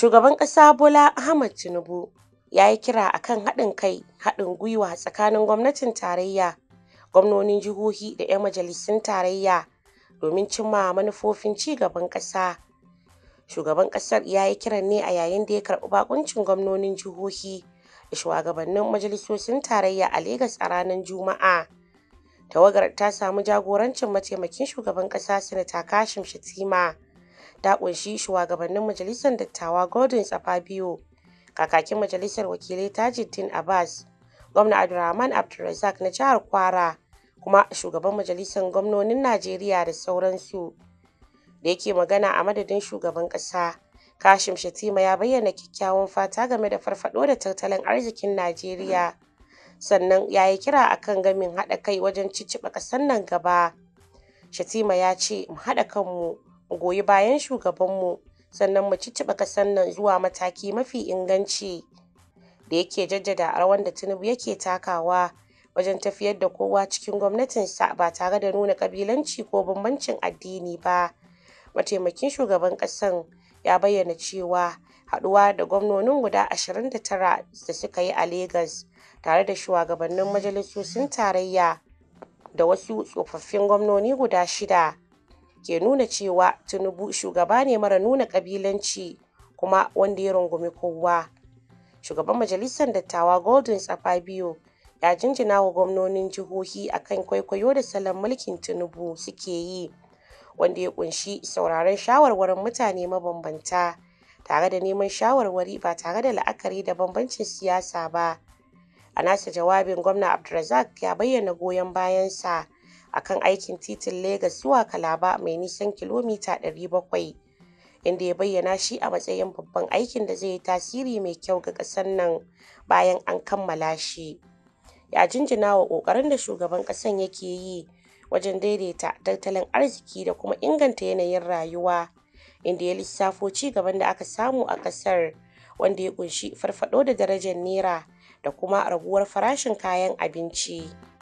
Shugaban ƙasa Bola Ahmad Tinubu ya yi kira a kan haɗin kai haɗin gwiwa tsakanin gwamnatin tarayya, gwamnonin jihohi da 'yan majalisun tarayya domin cimma manufofin cigaban gaban ƙasa. Shugaban ƙasar ya yi kiran ne a yayin da ya karɓi bakuncin gwamnonin jihohi da shugabannin majalisosin tarayya a Legas a ranar Juma'a. Tawagar ta samu jagorancin mataimakin shugaban ƙasa Sanata Kashim shatima ta ƙunshi shuwagabannin majalisar dattawa Gordon Tsafabio, kakakin majalisar wakilai tajiddin Abbas, gwamna Abdulrahman Abdulrazak na jihar Kwara, kuma shugaban majalisar gwamnonin Najeriya da sauransu. Da yake magana a madadin shugaban ƙasa, Kashim Shatima ya bayyana kyakkyawan fata game da farfado da tattalin arzikin Najeriya. Sannan ya yi kira a kan gamin haɗa kai wajen cicciɓa ƙasar nan gaba. Shatima ya ce, mu haɗa kanmu goyi bayan shugabanmu sannan mu cicciɓa ƙasan nan zuwa mataki mafi inganci da yake jaddada a da Tinubu yake takawa wajen tafiyar da kowa cikin gwamnatinsa ba tare da nuna ƙabilanci ko bambancin addini ba. Mataimakin shugaban ƙasan ya bayyana cewa haɗuwa da gwamnonin guda 29 da suka yi a Legas tare da shugabannin majalisosin tarayya da wasu tsofaffin gwamnoni guda shida ke nuna cewa Tinubu shugaba ne mara nuna kabilanci kuma wanda ya rungumi kowa. Shugaban Majalisar Dattawa Tsafa biyu ya jinjina wa gwamnonin jihohi akan kwaikwayo da salon mulkin Tinubu suke yi wanda ya kunshi sauraron shawarwarin mutane mabambanta tare da neman shawarwari ba tare da la'akari da bambancin siyasa ba. A nasa jawabin gwamna Abdulrazak ya bayyana goyon bayansa Akan aikin titin Legas zuwa kalaba mai nisan kilomita 700, inda ya bayyana shi a matsayin babban aikin da zai yi tasiri mai kyau ga ƙasar nan bayan an kammala shi. Ya jinjina wa ƙoƙarin da shugaban ƙasan yake yi wajen daidaita tattalin arziki da kuma inganta yanayin rayuwa, inda ya lissafo ci gaban da aka samu a ƙasar wanda ya ƙunshi farfaɗo da darajar Naira da kuma raguwar farashin kayan abinci.